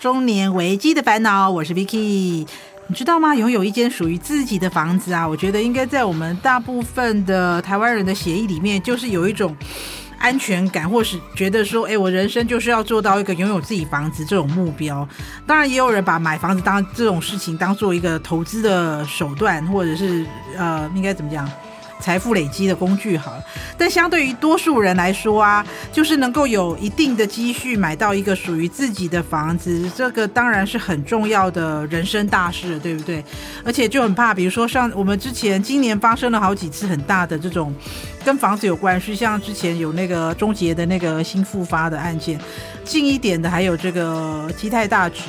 中年危機的煩惱，我是 Vicky。你知道嗎？擁有一間屬於自己的房子啊，我覺得應該在我們大部分的台灣人的血液裡面，就是有一種安全感，或是覺得說，哎、欸，我人生就是要做到一個擁有自己房子這種目標。當然，也有人把買房子當這種事情當做一個投資的手段，或者是呃，應該怎麼講？財富累積的工具好了，但相對於多數人來說啊，就是能夠有一定的積蓄，買到一個屬於自己的房子，這個當然是很重要的人生大事，對不對？而且就很怕，比如說像我們之前今年發生了好幾次很大的這種跟房子有關係，像之前有那個仲介的那個新復發的案件。近一點的還有這個基泰大直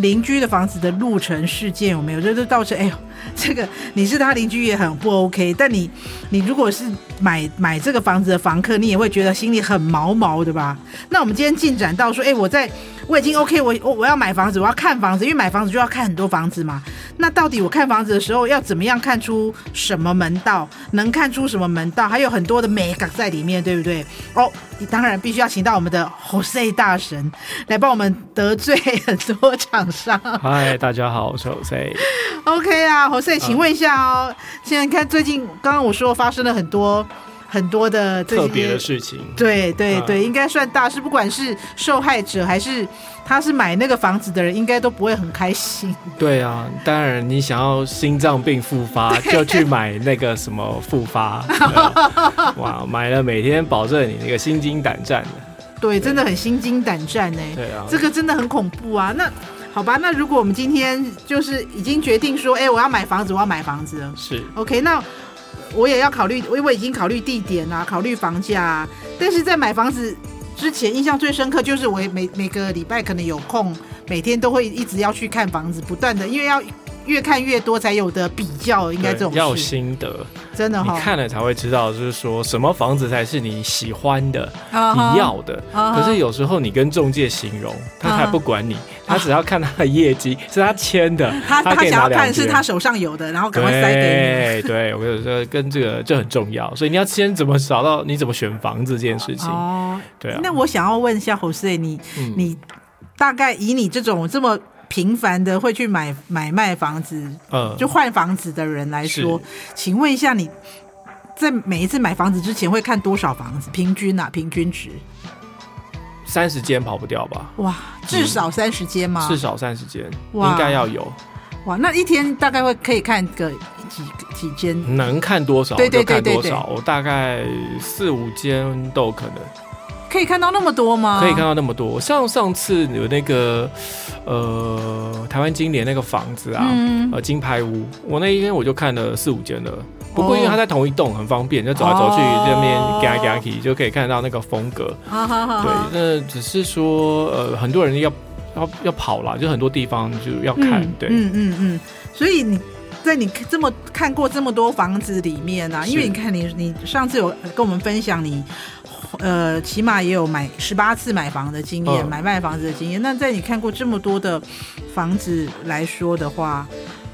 鄰居的房子的路程事件，有沒有？就都倒是。哎呦，這個你是他鄰居也很不 OK，但你你如果是買買這個房子的房客，你也會覺得心裡很毛毛的吧？那我們今天進展到說，哎，我在。我已經 OK，我我我要買房子，我要看房子，因為買房子就要看很多房子嘛。那到底我看房子的時候要怎麼樣看出什麼門道，能看出什麼門道，還有很多的眉角在裡面，對不對？哦，你當然必須要請到我們的 Jose 大神來幫我們得罪很多廠商。嗨，大家好，我是 Jose。OK 啊，Jose，請問一下哦、啊，現在看最近剛剛我說發生了很多。很多的特別的事情，對對對，嗯、應該算大事。不管是受害者還是他是買那個房子的人，應該都不會很開心。對啊，當然你想要心臟病復發，就去買那個什麼復發。哇、 啊，wow, 買了每天保證你那個心驚膽戰 對，真的很心驚膽戰哎、欸。對啊，這個真的很恐怖啊。那好吧，那如果我們今天就是已經決定說，哎、欸，我要買房子，我要買房子了。是，OK，那。我也要考慮，因為我已經考慮地點啊，考慮房價啊。但是在買房子之前，印象最深刻就是我每每個禮拜可能有空，每天都會一直要去看房子，不斷的，因為要。越看越多，才有的比較，應該這種要心得，真的、哦，你看了才會知道，就是說什麼房子才是你喜歡的、uh -huh. 你要的。Uh -huh. 可是有時候你跟中介形容，他才不管你，uh -huh. 他只要看他的業績，uh -huh. 是他簽的，uh -huh. 他他想要看是他手上有的，然後趕快塞給你。對，對我跟這跟這個就很重要，所以你要先怎麼找到，你怎麼選房子這件事情。哦、uh -huh.，對啊。那我想要問一下 Jose，你、嗯、你大概以你這種這麼。頻繁的會去買買賣房子，嗯，就換房子的人來說，請問一下，你在每一次買房子之前會看多少房子？平均啊，平均值，三十間跑不掉吧？哇，至少三十間嗎？嗯，至少三十間，應該要有。哇，那一天大概會可以看個幾幾間？能看多少就看多少？對對對對對，對，我大概四五間都有可能。可以看到那麼多嗎？可以看到那麼多。像上次有那個，呃，台灣金蓮那個房子啊，呃、嗯，金牌屋，我那一天我就看了四五間了。哦、不過因為它在同一棟，很方便，就走來走去這邊 g a 嘎 i g a i 就可以看到那個風格、哦。對，那只是說，呃，很多人要要要跑啦，就很多地方就要看。嗯、對，嗯嗯嗯。所以你在你這麼看過這麼多房子裡面啊，因為你看你你上次有跟我們分享你。呃，起碼也有買十八次買房的經驗、哦，買賣房子的經驗。那在你看過這麼多的房子來說的話，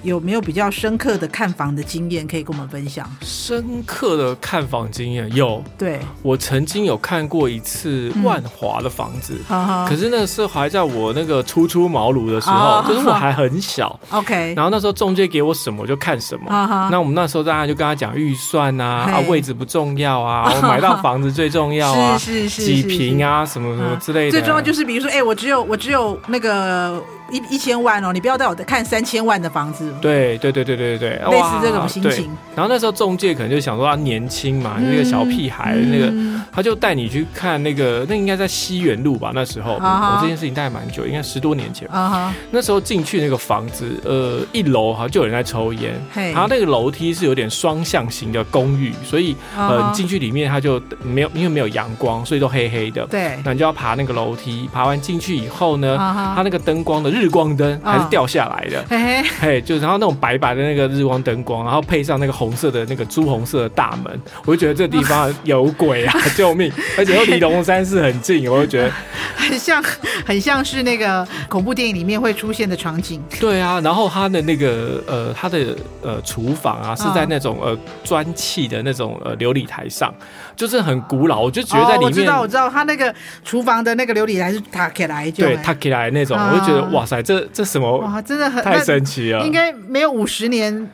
有沒有比較深刻的看房的經驗可以跟我們分享？深刻的看房經驗有。Yo, 對，我曾經有看過一次萬華的房子，嗯 uh -huh. 可是那個是還在我那個初出茅廬的時候，可、uh -huh. 是我還很小。OK、uh -huh.。然後那時候中介給我什麼就看什麼。那、uh -huh. 我們那時候大家就跟他講預算啊、uh -huh.，啊位置不重要啊，uh -huh. 我買到房子最重要啊，是是是，幾坪啊，什麼什麼之類的。最重要就是比如說，哎、欸，我只有我只有那個一一千萬哦，你不要帶我看三千萬的房子。對對對對對對對，類似這種心情。對，然後那時候中介可能就想說他年輕嘛、嗯，那個小屁孩，那個、嗯、他就帶你去看那個，那應該在西園路吧？那時候我、uh -huh. 哦、這件事情大概蠻久，應該十多年前吧。Uh -huh. 那時候進去那個房子，呃，一樓哈就有人在抽煙。然、hey. 後那個樓梯是有點雙向型的公寓，所以、uh -huh. 呃，你進去裡面它就沒有，因為沒有陽光，所以都黑黑的。對、uh -huh.，那你就要爬那個樓梯，爬完進去以後呢，uh -huh. 它那個燈光的日光燈還是掉下來的。Uh -huh. 嘿，就是。然後那種白白的那個日光燈光，然後配上那個紅色的那個朱紅色的大門，我就覺得這地方有鬼啊！ 救命！而且又離龍山寺很近，我就覺得很像，很像是那個恐怖電影裡面會出現的場景。對啊，然後他的那個呃，他的呃廚房啊，是在那種呃磚砌的那種呃琉璃台上，就是很古老。我就覺得在裡面、哦，我知道，我知道，他那個廚房的那個琉璃台是塔起來，的來，對，塔起來的那種、嗯，我就覺得哇塞，這這什麼？哇，真的很，太神奇了，應該。沒有五十年，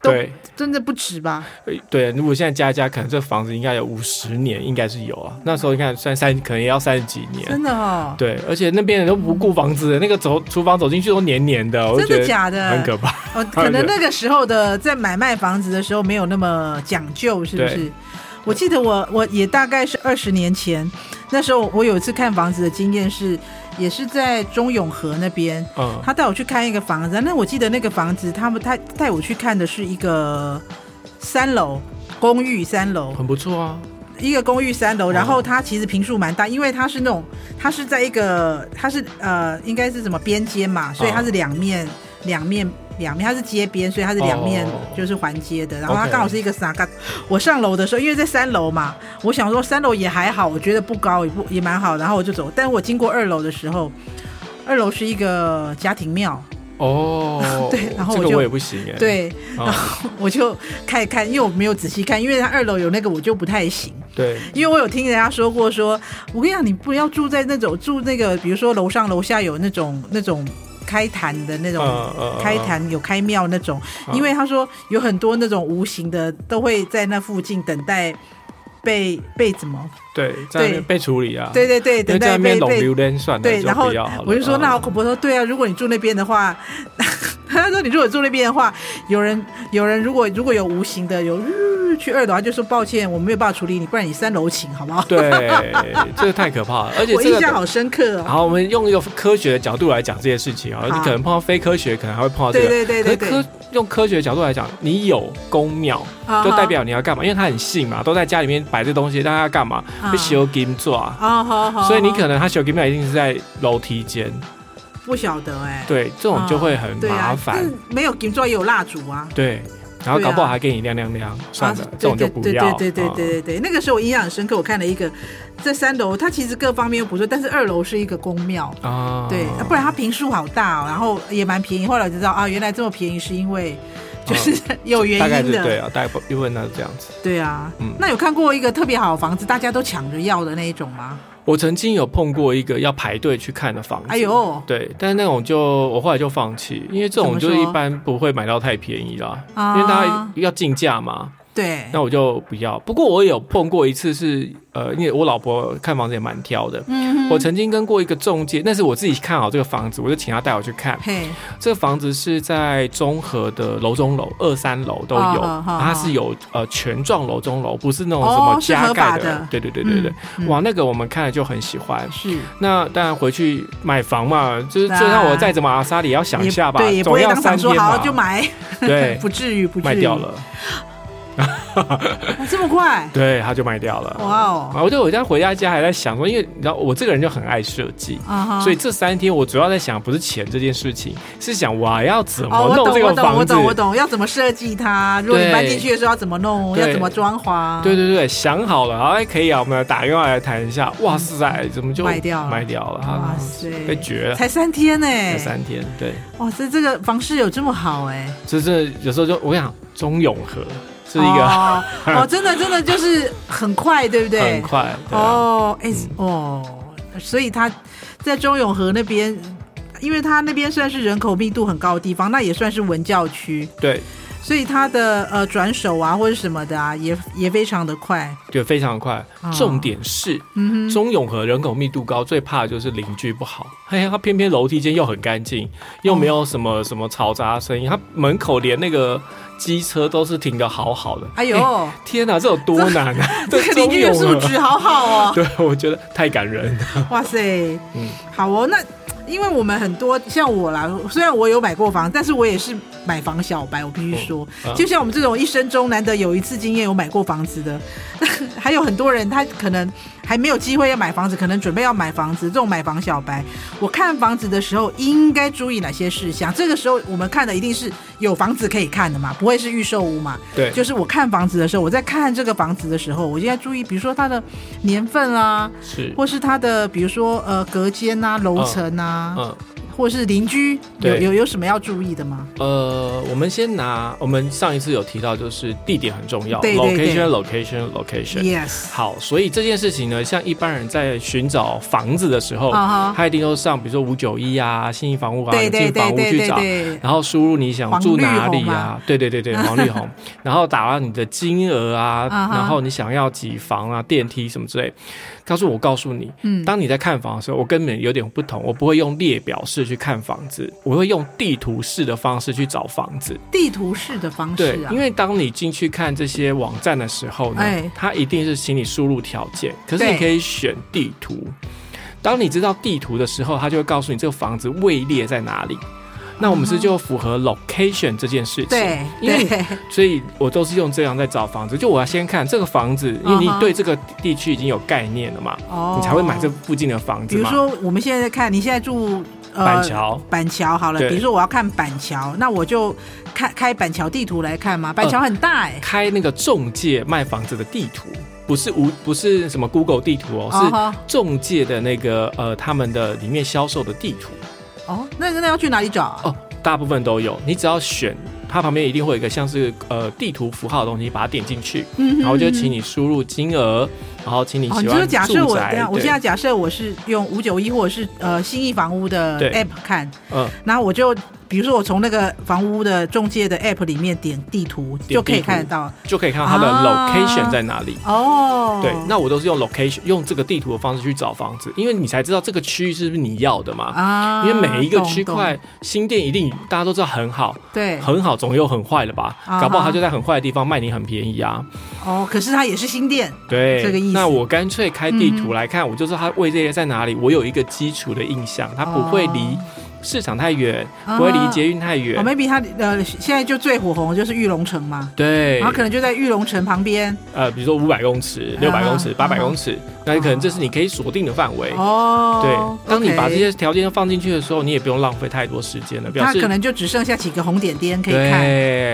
都真的不止吧對？對，如果現在加一加，可能這房子應該有五十年，應該是有啊。那時候你看，算三，可能也要三十幾年，真的哦。對，而且那邊人都不顧房子、嗯，那個走廚房走進去都黏黏的，真的假的？很可怕。哦，可能那個時候的在買賣房子的時候沒有那麼講究，是不是？我記得我我也大概是二十年前，那時候我有一次看房子的經驗是。也是在中永和那邊、嗯，他帶我去看一個房子。那我記得那個房子，他們他帶我去看的是一個三樓公寓三，三樓很不錯啊。一個公寓三樓、啊，然後它其實坪數蠻大，因為它是那種，它是在一個，它是呃，應該是什麼邊間嘛，所以它是兩面，兩、啊、面。兩面，它是街邊，所以它是兩面就是環街的。Oh, 然後它剛好是一個三角，okay. 我上樓的時候，因為在三樓嘛，我想說三樓也還好，我覺得不高，也不也蠻好。然後我就走，但是我經過二樓的時候，二樓是一個家庭廟哦，oh, 對，然後我就這個我也不行哎。對，然後我就看一看，因為我沒有仔細看，因為它二樓有那個，我就不太行。對，因為我有聽人家說過說，說我跟你講，你不要住在那種住那個，比如說樓上樓下有那種那種。開壇的那種，開壇有開廟那種，因為他說有很多那種無形的都會在那附近等待被被怎麼？對在被處理啊！對對對，等待被被，對，對，對，待被，被對。然後我就說：“那我婆婆說，對啊，如果你住那邊的話，他、嗯、說 你如果住那邊的話，有人有人如果如果有無形的有。”去二的話就說抱歉，我沒有辦法處理你，不然你三樓請，好不好？對，這個太可怕了。而且我印象好深刻。好，我們用一個科學的角度來講這些事情啊，你可能碰到非科學，可能還會碰到這個。對對對對。可是科，用科學的角度來講，你有宮廟，就代表你要幹嘛？因為他很信嘛，都在家裡面擺這東西，讓他幹嘛？去燒金座啊？哦，好好。所以你可能他燒金座一定是在樓梯間。不曉得哎。對，這種就會很麻煩。沒有金座也有蠟燭啊。對。然後搞不好還給你亮亮亮，啊、算了，啊對對，這種就不要。對對對對對對、嗯，那個時候我印象很深刻，我看了一個，在三樓，它其實各方面又不錯，但是二樓是一個宮廟啊。哦，對，不然它坪數好大，然後也蠻便宜。後來我就知道啊，原來這麼便宜是因為。就、嗯、是 有原因的，大概是對啊，大概因為那是這樣子。對啊，嗯，那有看過一個特別好的房子，大家都搶着要的那一種嗎？我曾經有碰過一個要排隊去看的房子，哎呦，對，但是那種就我後來就放棄，因為這種就是一般不會買到太便宜啦，因為大家要競價嘛。啊嗯對，那我就不要。不過我有碰過一次是，呃，因為我老婆看房子也蠻挑的。嗯，我曾經跟過一個中介，那是我自己看好這個房子，我就請他帶我去看。嘿。這個房子是在中和的樓中樓，二三樓都有。哦哦、它是有呃全幢樓中樓，不是那種什麼加蓋的、哦、是合法的。對對對對對、嗯嗯，哇，那個我們看了就很喜歡。是，那當然回去買房嘛，就是、啊、就算我再怎麼阿莎，也要想一下吧。對、總要三天嘛，也不要三說好就買。對，不至於，不至於。賣掉了。啊、 哦、這麼快，對，他就賣掉了。哇哦！啊，我覺得我現在回到家，家還在想說，因為你知道我這個人就很愛設計啊，uh -huh. 所以這三天我主要在想不是錢這件事情，是想我要怎麼弄這個、oh, 我，懂我，懂我，懂我懂，我懂，要怎麼設計它。如果你搬進去的時候要怎麼弄，要怎麼裝潢？對對對，想好了，哎，可以啊，我們來打電話來談一下。哇塞，怎麼就賣掉賣掉了？哇塞，被絕了！才三天呢，才三天對。哇，這這個房市有這麼好哎？就是有時候就我想中永和。是一個哦， 哦，真的真的就是很快，對不對？很快哦，哎、欸嗯、哦，所以他在中永和那邊，因為他那邊算是人口密度很高的地方，那也算是文教區。對。所以他的呃轉手啊或者什麼的啊也也非常的快，對，非常快。重點是，中、哦嗯、永和人口密度高，最怕的就是鄰居不好。哎，他偏偏樓梯間又很乾淨，又沒有什麼、嗯、什麼嘈雜聲音，他門口連那個機車都是停得好好的。哎呦，欸、天哪、啊，這有多難啊！這, 這,對這個鄰居素質好好哦， 對我覺得太感人了、嗯。哇塞，嗯，好哦，那。因為我們很多，像我啦，雖然我有買過房，但是我也是買房小白，我必須說。哦，啊，就像我們這種一生中難得有一次經驗有買過房子的， 還有很多人他可能，還沒有機會要買房子，可能準備要買房子，這種買房小白，我看房子的時候應該注意哪些事項？這個時候我們看的一定是有房子可以看的嘛，不會是預售屋嘛？對，就是我看房子的時候，我在看這個房子的時候，我就應該注意，比如說它的年份啊，是，或是它的，比如說呃隔間啊，樓層啊。嗯嗯或是鄰居有，有有有什麼要注意的嗎？呃，我們先拿我們上一次有提到，就是地點很重要，location，location，location，yes。對對對 location, location, location yes. 好，所以這件事情呢，像一般人在尋找房子的時候，uh -huh. 他一定都上比如說五九一啊、信義房屋啊對對對對對對對進房屋去找，然後輸入你想住哪裡啊，對對對對，黃綠紅， 然後打了你的金額啊，uh -huh. 然後你想要幾房啊、電梯什麼之類。告訴我，我告訴你，嗯，當你在看房的時候，我根本有點不同。我不會用列表式去看房子，我會用地圖式的方式去找房子。地圖式的方式、啊，對，因為當你進去看這些網站的時候呢，呢、欸，它一定是請你輸入條件，可是你可以選地圖。當你知道地圖的時候，他就會告訴你這個房子位列在哪裡。Uh -huh. 那我們是就符合 location 這件事情，對，對因為所以我都是用這樣在找房子，就我要先看這個房子，因為你對這個地區已經有概念了嘛，uh -huh. 你才會買這附近的房子。比如說我們現在看，你現在住、呃、板橋，板橋好了，比如說我要看板橋，那我就開開板橋地圖來看嘛，板橋很大哎、欸呃，開那個仲介賣房子的地圖，不是無不是什麼 Google 地圖哦，uh -huh. 是仲介的那個呃他們的裡面銷售的地圖。哦，那那要去哪裡找啊？哦，大部分都有，你只要選它旁邊一定會有一個像是呃地圖符號的東西，把它點進去， 然後就請你輸入金額。好，請你喜歡。好、哦，就是假設我等一下，我現在假設我是用五九一或者是呃信義房屋的 App 看，嗯，然後我就比如說我從那個房屋的中介的 App 裡面點地圖，地圖就可以看得到，就可以看到它的 location、啊、在哪裡。哦，對，那我都是用 location 用這個地圖的方式去找房子，因為你才知道這個區域是不是你要的嘛？啊，因為每一個區塊新店一定大家都知道很好，對，很好總有很壞了吧？啊、搞不好他就在很壞的地方賣你很便宜啊。哦，可是他也是新店，對這個意思。那我乾脆開地圖來看，嗯、我就是說他位置在哪裡，我有一個基礎的印象，他不會離市場太遠，不會離捷運太遠、呃哦。Maybe 它呃，現在就最火紅的就是玉龍城嘛。對。然後可能就在玉龍城旁邊。呃，比如說五百公尺、六百公尺、八百公尺、呃，那可能這是你可以鎖定的範圍。哦。對，當你把這些條件放進去的時候，你也不用浪費太多時間了。它可能就只剩下幾個紅點點可以看，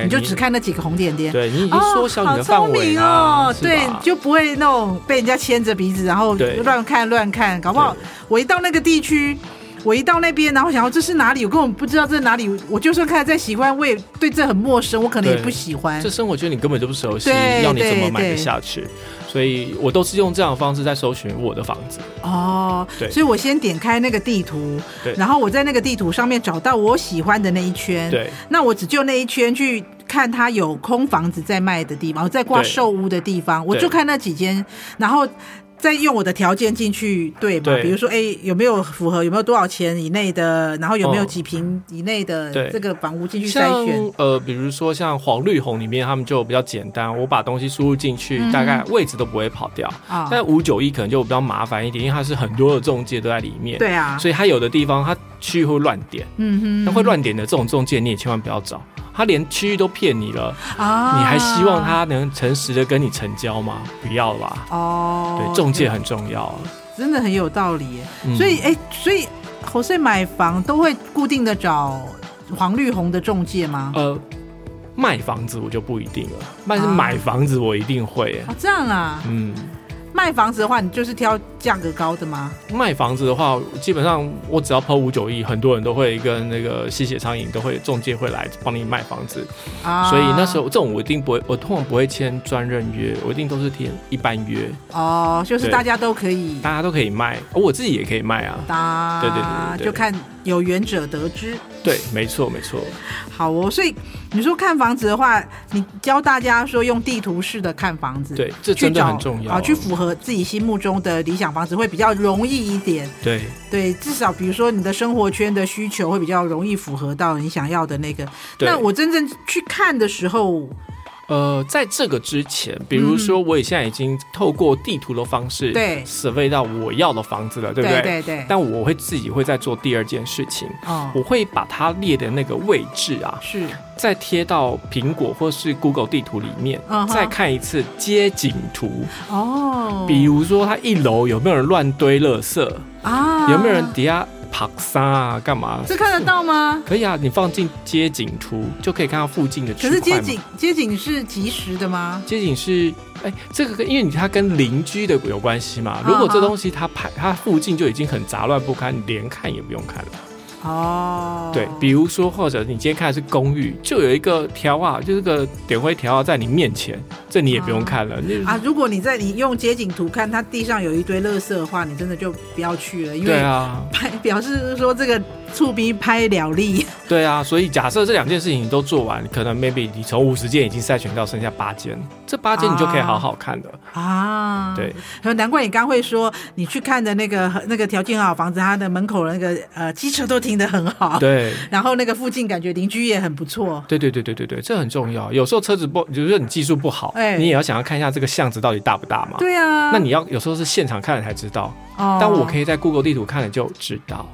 你就只看那幾個紅點點。對你縮小你的範圍哦,聰明哦、啊，對，就不會那種被人家牽着鼻子，然後亂看亂看，搞不好我一到那個地區。我一到那邊，然後想要這是哪裡？我根本不知道這是哪裡。我就算看再喜歡，我也對這很陌生，我可能也不喜歡。這生活圈你根本就不熟悉，要你怎麼買得下去？所以我都是用這樣的方式在搜尋我的房子。哦、oh，對，所以我先點開那個地圖，對，然後我在那個地圖上面找到我喜歡的那一圈，對，那我只就那一圈去看它有空房子在賣的地方，我在掛售屋的地方，我就看那幾間，然後。再用我的條件進去對嘛？比如說哎、欸，有沒有符合？有沒有多少錢以內的？然後有沒有幾坪以內的這個房屋進去篩選？呃，比如說像黃綠紅裡面，他們就比較簡單。我把東西輸入進去，大概位置都不會跑掉。嗯、但五九一可能就比較麻煩一點，因為它是很多的中介都在裡面。對啊，所以它有的地方它去會亂點，嗯哼，會亂點的這種中介你也千萬不要找。他連區域都騙你了、啊，你還希望他能誠實的跟你成交嗎？不要了吧。哦，對，中介很重要，真的很有道理、嗯。所以，哎、欸，所以猴 s 買房都會固定的找黃綠紅的中介嗎？呃，賣房子我就不一定了，但是買房子我一定會、啊。哦，這樣啊，嗯。賣房子的話，你就是挑價格高的嗎？賣房子的話，基本上我只要 PO 591，很多人都會跟那個吸血蒼蠅都會仲介會來幫你賣房子。啊，所以那時候這種我一定不會，我通常不會簽專任約，我一定都是簽一般約。哦，就是大家都可以，大家都可以賣，我自己也可以賣啊。啊，對對，對對對，就看。有緣者得知，對，沒錯，沒錯。好哦，所以你說看房子的話，你教大家說用地圖式的看房子，對，這真的很重要啊，去找，去符合自己心目中的理想房子會比較容易一點。對，對，至少比如說你的生活圈的需求會比較容易符合到你想要的那個。對，那我真正去看的時候，呃，在這個之前，比如說，我也現在已經透過地圖的方式，對，survey 到我要的房子了，對，對不對？對，對對。但我會自己會再做第二件事情，哦，我會把它列的那個位置啊，是再貼到蘋果或是 Google 地圖裡面，再看一次街景圖哦。比如說，它一樓有沒有人亂堆垃圾啊？有沒有人底下？跑撒啊，幹嘛？這看得到嗎？嗯、可以啊，你放進街景圖就可以看到附近的。可是街景街景是即時的嗎？街景是，哎、欸，這個跟因為你它跟鄰居的有關係嘛。如果這東西它排，它附近就已經很雜亂不堪，你連看也不用看了。哦、oh.，對，比如說，或者你今天看的是公寓，就有一個條啊，就這個點灰條啊，在你面前，這你也不用看了。Oh. 就是、啊，如果你在你用街景圖看它地上有一堆垃圾的話，你真的就不要去了，因為對、啊、表示說這個。觸逼拍了，歷，對啊，所以假設這兩件事情你都做完，可能 maybe 你從五十間已經篩選到剩下八間，這八間你就可以好好看了啊、嗯。對，難怪你剛會說你去看的那個那個條件好房子，它的門口那個呃機車都停得很好，對，然後那個附近感覺鄰居也很不錯，對對對對對，這很重要。有時候車子不，就是說你技術不好，哎、欸，你也要想要看一下這個巷子到底大不大嘛。對啊，那你要有時候是現場看了才知道，哦、但我可以在 Google 地圖看了就知道。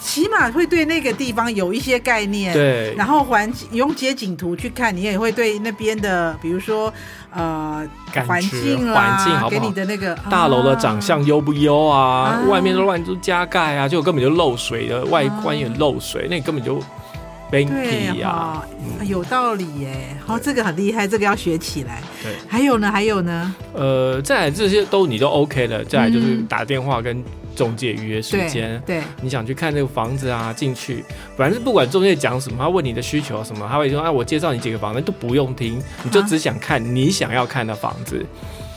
起碼會對那個地方有一些概念，對。然後環境你用街景圖去看，你也會對那邊的，比如說，呃，環境環境好不好？給你的那個、啊、大樓的長相優不優啊？啊外面都亂都加蓋啊，就根本就漏水的、啊，外觀也漏水、啊，那根本就 b a n k y 呀、啊嗯，有道理耶、欸。好、哦，這個很厲害，這個要學起來。對，還有呢，還有呢。呃，再來這些都你都 OK 了，再來就是打電話跟、嗯。中介預約時間，對，你想去看那個房子啊，進去，反正是不管中介講什麼，他問你的需求什麼，他會說，哎、啊，我介紹你幾個房子，都不用聽，你就只想看你想要看的房子，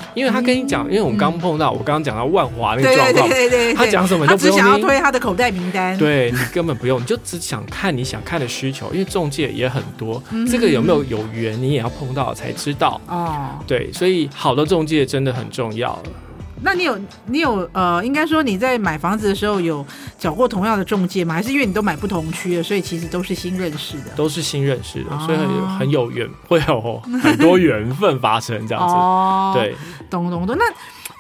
啊、因為他跟你講，因為我們剛碰到，嗯、我剛剛講到萬華那個狀況，對對對，對，對，對他講什麼都不用聽，他只想要推他的口袋名單，對你根本不用，你就只想看你想看的需求，因為中介也很多， 這個有沒有有緣你也要碰到才知道，哦，對，所以好的中介真的很重要那你有你有呃，應該說你在買房子的時候有找過同樣的仲介嗎？還是因為你都買不同區的，所以其實都是新認識的？都是新認識的，哦、所以很有很有緣，會有很多緣分發生這樣子、 哦。對，懂懂懂。那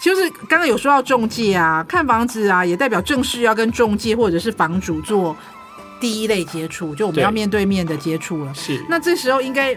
就是剛剛有說到仲介啊，看房子啊，也代表正式要跟仲介或者是房主做第一類接觸，就我們要面對面的接觸了。是，那這時候應該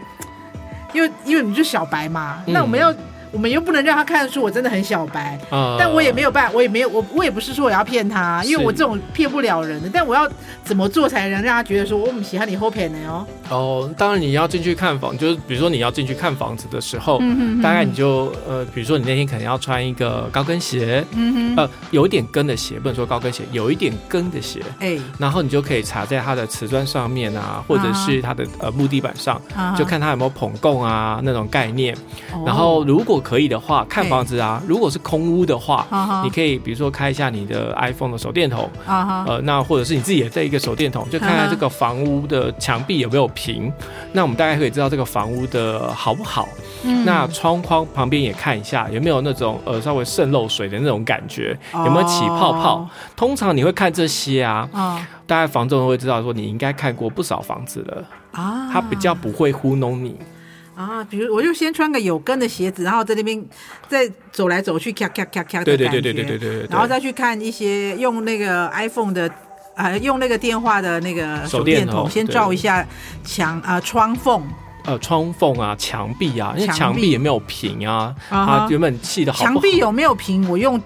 因為因為你是小白嘛、嗯，那我們要。我們又不能讓他看得出我真的很小白，uh, 但我也沒有辦法，我也沒有，我我也不是說我要騙他，因為我這種騙不了人的，但我要怎麼做才能讓他覺得說我很喜歡你後騙的哦？哦，當然你要進去看房，就是比如說你要進去看房子的時候，嗯、哼哼大概你就呃，比如說你那天可能要穿一個高跟鞋，嗯，呃，有一點跟的鞋，不能說高跟鞋，有一點跟的鞋。哎、欸，然後你就可以踩在它的瓷磚上面啊，啊，或者是它的呃木地板上，啊，就看它有沒有捧共啊那種概念，啊。然後如果可以的話，看房子啊，啊如果是空屋的話，啊，你可以比如說開一下你的 iPhone 的手電筒，啊、呃，那或者是你自己帶一個手電筒，啊，就看看這個房屋的牆壁有沒有。平，那我們大概可以知道這個房屋的好不好。嗯、那窗框旁邊也看一下，有沒有那種呃稍微滲漏水的那種感覺、哦，有沒有起泡泡？通常你會看這些啊。哦。大概房仲都會知道說你應該看過不少房子了啊，他比較不會糊弄你啊。比如我就先穿個有跟的鞋子，然後在那邊再走來走去叼叼叼叼叼，咔咔咔咔。對對對對對。然後再去看一些用那個 iPhone 的。啊、呃，用那個電話的那個手電筒手電先照一下牆啊、呃，窗縫，呃，窗縫啊，牆壁啊，因為牆壁也沒有平啊，啊，它原本砌得好不好，牆壁有沒有平？我用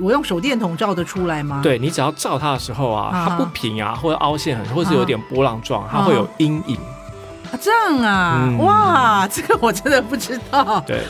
我用手電筒照得出來嗎？對，你只要照它的時候啊，它不平啊，或者凹陷很，或者是有點波浪狀，它會有陰影。啊啊啊、這樣啊、嗯，哇，這個我真的不知道。對，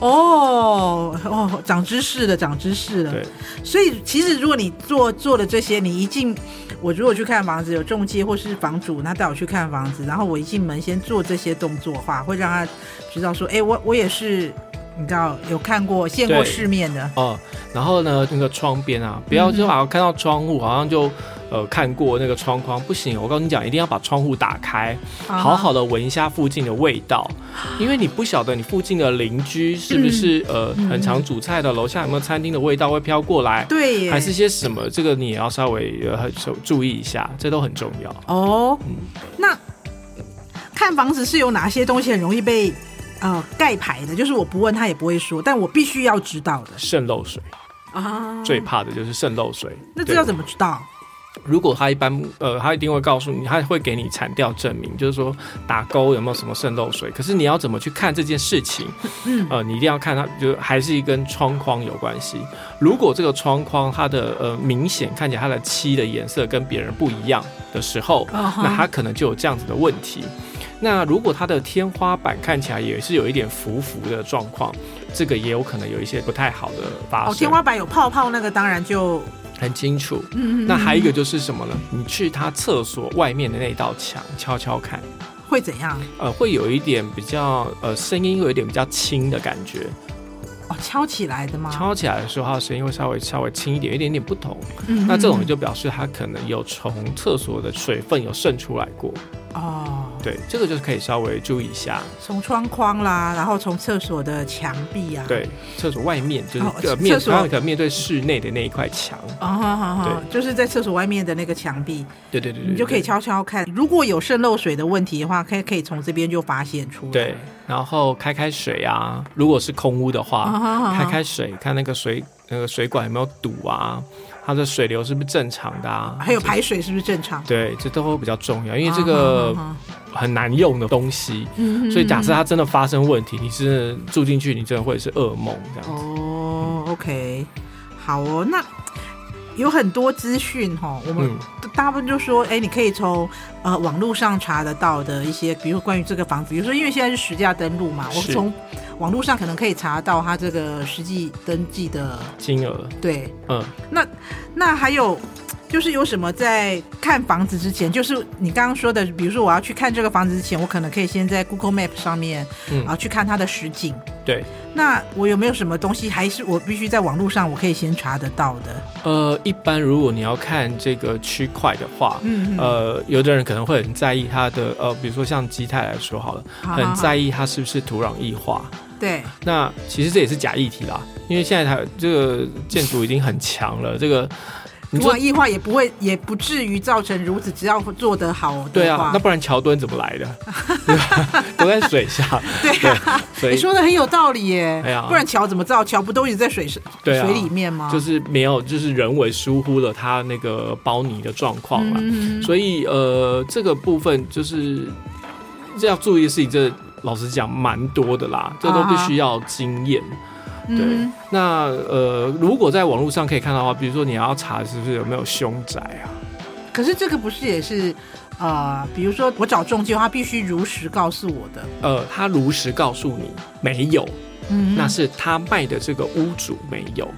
哦哦，長知識的，長知識的。對，所以其實如果你做做的這些，你一進我如果去看房子，有仲介或是房主，他帶我去看房子，然後我一進門先做這些動作的話，會讓他知道說，哎、欸，我我也是，你知道有看過、見過世面的。哦、呃，然後呢，那個窗邊啊，不要就好像看到窗戶、嗯，好像就。呃，看過那個窗框，不行，我跟你講，一定要把窗戶打開，uh -huh. 好好的聞一下附近的味道，uh -huh. 因為你不曉得你附近的鄰居是不是、uh -huh. 呃，很常煮菜的，樓下有沒有餐廳的味道會飄過來，對、uh -huh.，還是些什麼，這個你也要稍微呃很注意一下，這都很重要。哦、oh. 嗯，那看房子是有哪些東西很容易被呃蓋牌的，就是我不問他也不會說，但我必須要知道的滲漏水啊，uh -huh. 最怕的就是滲漏水、uh -huh.，那這要怎麼知道？如果他一般，呃，他一定會告訴你，他會給你產調證明，就是說打鈎有沒有什麼滲漏水。可是你要怎麼去看這件事情？嗯，呃，你一定要看它，就還是跟窗框有關係。如果這個窗框它的呃明顯看起來它的漆的顏色跟別人不一樣的時候，哦、那它可能就有這樣子的問題。那如果它的天花板看起來也是有一點浮浮的狀況，這個也有可能有一些不太好的發生。哦，天花板有泡泡，那個當然就。很清楚，嗯，嗯嗯，那還有一個就是什麼呢？你去他廁所外面的那道牆敲敲看，會怎樣？呃，會有一點比較，呃，聲音會有一點比較輕的感覺。哦，敲起來的嗎？敲起來的時候，他的聲音會稍微稍微輕一點，一點點不同，欸嗯嗯嗯。那這種就表示他可能有從廁所的水分有滲出來過。哦、oh,，對，這個就是可以稍微注意一下，從窗框啦，然後從廁所的牆壁啊，對，廁所外面就是、oh, 呃、面面對室內的那一塊牆，哦、oh, oh, oh, oh,，就是在廁所外面的那個牆壁，對對對，對對對，你就可以悄悄看，如果有滲漏水的問題的話，可以可以從這邊就發現出來。對，然後開開水啊，如果是空屋的話，oh, oh, oh, oh. 開開水看那個水那個水管有沒有堵啊。它的水流是不是正常的啊？啊？還有排水是不是正常？對，這都會比較重要，啊、因為這個很難用的東西。啊、所以，假設它真的發生問題，嗯嗯你是住進去，你真的會是噩夢這樣子。哦、嗯、，OK，好哦，那有很多資訊哈。我們大部分就說，哎、欸，你可以從。呃，網絡上查得到的一些，比如說關於這個房子，比如說因為現在是實價登錄嘛，我從網絡上可能可以查到它這個實際登記的金額。對，嗯，那那還有就是有什麼在看房子之前，就是你剛剛說的，比如說我要去看這個房子之前，我可能可以先在 Google Map 上面，嗯，呃，然後去看它的實景。對，那我有沒有什麼東西還是我必須在網絡上我可以先查得到的？呃，一般如果你要看這個區塊的話，嗯，嗯，呃，有的人。可能會很在意它的呃，比如說像基泰來說好了，好好好，很在意它是不是土壤液化。對，那其實這也是假議題啦，因為現在它這個建築已經很強了，這個。如果異化也不會，也不至於造成如此。只要做得好，對啊，那不然橋墩怎麼來的？ 都在水下。 對啊，你、欸、說的很有道理耶。啊、不然橋怎麼造？橋不都是在水對、啊、水裡面嗎？就是沒有，就是人為疏忽了它那個包泥的狀況嘛嗯嗯。所以呃，這個部分就是要注意的事情，這老實講蠻多的啦。這都必須要經驗。Uh -huh. 對，那呃，如果在網絡上可以看到的話，比如說你要查是不是有沒有凶宅啊？可是這個不是也是啊、呃？比如說我找仲介，他必須如實告訴我的。呃，他如實告訴你沒有、嗯，那是他賣的這個屋主沒有。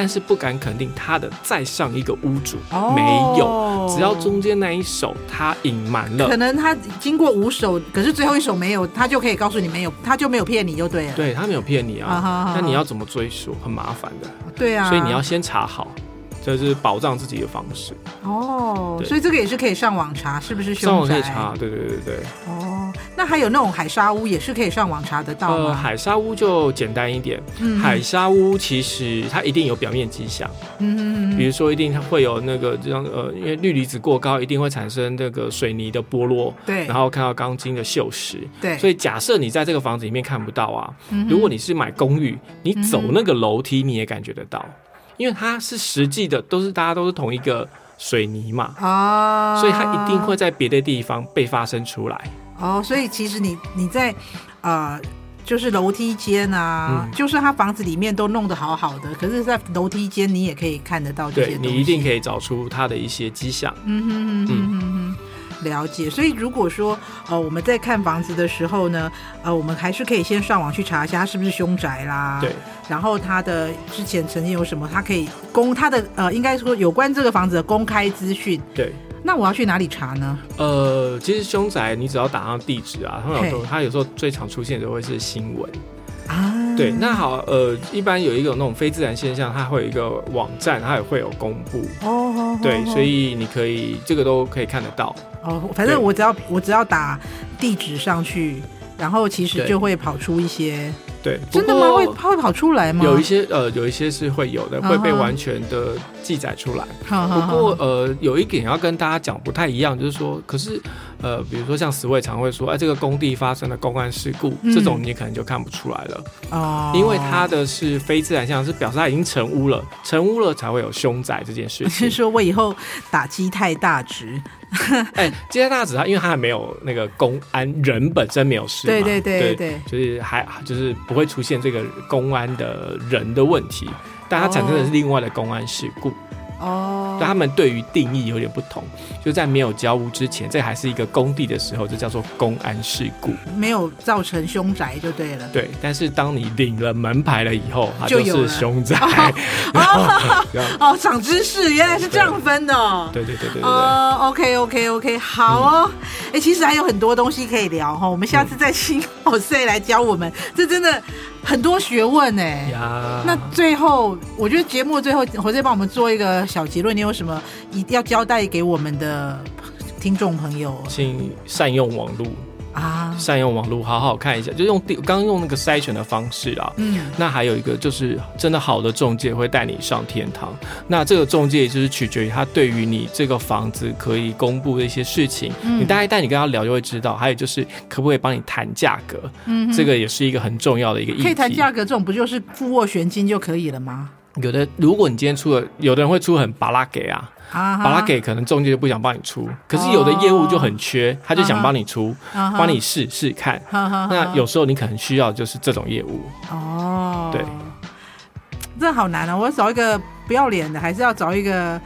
但是不敢肯定他的再上一個屋主沒有，oh. 只要中間那一手他隱瞞了，可能他經過五手，可是最後一手沒有，他就可以告訴你沒有，他就沒有騙你就對了。對他沒有騙你啊，那、uh -huh. 你要怎麼追溯？很麻煩的。對啊，所以你要先查好，這、就是保障自己的方式。哦、oh.，所以這個也是可以上網查是不是凶宅。上網可以查，對對對對對。哦、oh.。那還有那種海砂屋也是可以上網查得到呃，海砂屋就簡單一點，嗯，海砂屋其實它一定有表面跡象，嗯嗯嗯，比如說一定它會有那個這樣呃，因為氯離子過高，一定會產生那個水泥的剝落，對，然後看到鋼筋的鏽蝕，對，所以假設你在這個房子裡面看不到啊，嗯，如果你是買公寓，你走那個樓梯你也感覺得到，嗯，因為它是實際的，都是大家都是同一個水泥嘛啊，哦，所以它一定會在別的地方被發生出來。哦、oh，所以其實你你在，呃，就是樓梯間啊、嗯，就算他房子裡面都弄得好好的，可是，在樓梯間你也可以看得到這些東西，你一定可以找出他的一些跡象。嗯哼哼，哼，哼，哼，嗯哼哼，了解。所以如果說，呃，我們在看房子的時候呢，呃，我們還是可以先上網去查一下他是不是凶宅啦，對，然後他的之前曾經有什麼，他可以公他的呃，應該說有關這個房子的公開資訊，對。那我要去哪裡查呢？呃，其實兇宅，你只要打上地址啊，它有時候它有時候最常出現的會是新聞啊。對啊，那好，呃，一般有一個那種非自然現象，它會有一個網站，它也會有公布哦。Oh, oh, oh, oh. 對，所以你可以這個都可以看得到哦。反正我只要我只要打地址上去，然後其實就會跑出一些。對，真的嗎？會它會跑出來嗎？有一些呃，有一些是會有的，uh -huh. 會被完全的記載出來。Uh -huh. 不過呃，有一點要跟大家講不太一樣，就是說，可是呃，比如說像死位常會說，哎、呃，這個工地發生了公安事故，嗯、這種你可能就看不出來了啊，uh -huh. 因為它的是非自然象，是表示它已經成屋了，成屋了才會有凶宅這件事情。是 說我以後打擊太大值？哎、 欸，今天大家知道，因為他還沒有那個工安人本身沒有事嘛，對對對對，對，對，就是還就是不會出現這個工安的人的問題，但他產生的是另外的工安事故。Oh. 哦、oh.，他們對於定義有點不同。就在沒有交屋之前，這還是一個工地的時候，這叫做公安事故，沒有造成凶宅就對了。對，但是當你領了門牌了以後，它就是凶宅。哦，長、oh. oh. oh. oh. oh, 知識，原來是這樣分的、哦對。對對對對對、uh,。哦，OK OK OK，好哦。哎、嗯欸，其實還有很多東西可以聊哈，我們下次再請 Jose 來教我們。這真的。很多學問哎、欸，那最後我覺得節目最後，我再幫我們做一個小結論，你有什麼一定要交代給我們的聽眾朋友？請善用網絡。啊，善用網路，好好看一下，就用第剛用那個篩選的方式啊。嗯，那還有一個就是真的好的仲介會帶你上天堂。那這個仲介也就是取決於他對於你這個房子可以公布的一些事情，嗯，你大概帶你跟他聊就會知道。還有就是可不可以幫你談價格？嗯，這個也是一個很重要的一個意思。可以談價格，這種不就是付斡旋金就可以了嗎？有的，如果你今天出了，有的人會出很巴拉給啊，巴、uh -huh. 拉給可能中介就不想幫你出，uh -huh. 可是有的業務就很缺，uh -huh. 他就想幫你出，幫、uh -huh. 你試試看。Uh -huh. 那有時候你可能需要就是這種業務。哦、uh -huh.，對，這好難啊，喔！我要找一個不要臉的，還是要找一個？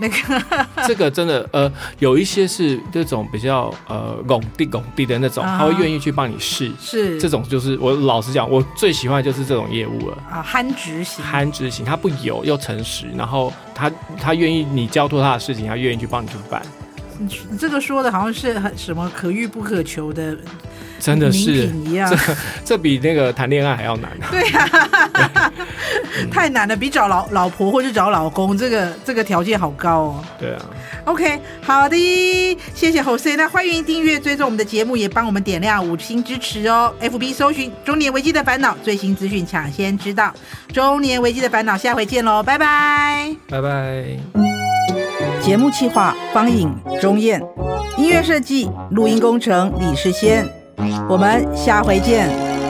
那個，這個真的，呃，有一些是那種比較呃拱地拱地的那種，Uh-huh. 他會願意去幫你試，是這種就是我老實講，我最喜歡的就是這種業務了啊，uh,，憨直型，憨直型，他不油又誠實，然後他他願意你交托他的事情，他願意去幫你去辦。這個說的好像是很什麼可遇不可求的，真的是，這這比那個談戀愛還要難。啊。 對呀，啊，太難了，比找老老婆或者找老公，這個這個條件好高哦。對啊。OK，好的，謝謝 Jose，那歡迎訂閱，追蹤我們的節目，也幫我們點亮五星支持哦。FB 搜尋“中年危機的煩惱”，最新資訊搶先知道。中年危機的煩惱，下回見嘍，拜拜，拜拜。節目企劃方穎鍾燕，音樂設計錄音工程李世先，我們下回見。